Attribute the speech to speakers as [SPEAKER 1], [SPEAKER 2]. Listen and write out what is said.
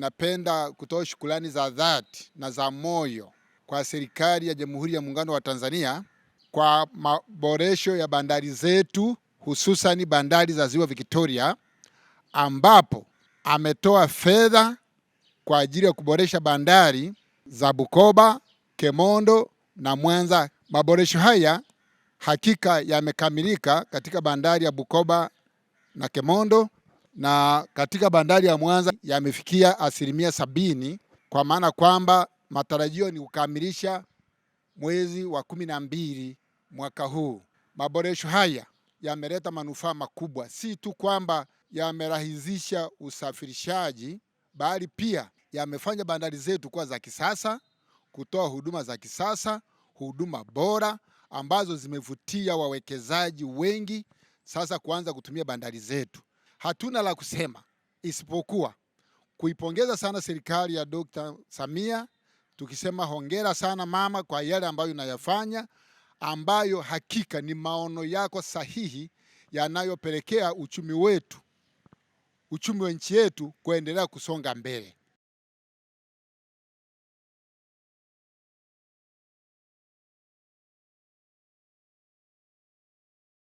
[SPEAKER 1] Napenda kutoa shukrani za dhati na za moyo kwa serikali ya Jamhuri ya Muungano wa Tanzania kwa maboresho ya bandari zetu hususani bandari za Ziwa Victoria ambapo ametoa fedha kwa ajili ya kuboresha bandari za Bukoba, Kemondo na Mwanza. Maboresho haya hakika yamekamilika katika bandari ya Bukoba na Kemondo na katika bandari ya Mwanza yamefikia asilimia sabini, kwa maana kwamba matarajio ni kukamilisha mwezi wa kumi na mbili mwaka huu. Maboresho haya yameleta manufaa makubwa, si tu kwamba yamerahisisha usafirishaji, bali pia yamefanya bandari zetu kuwa za kisasa, kutoa huduma za kisasa, huduma bora ambazo zimevutia wawekezaji wengi sasa kuanza kutumia bandari zetu hatuna la kusema isipokuwa kuipongeza sana serikali ya Dr. Samia, tukisema hongera sana mama kwa yale ambayo unayafanya, ambayo hakika ni maono yako sahihi yanayopelekea uchumi wetu, uchumi wa nchi yetu kuendelea kusonga mbele.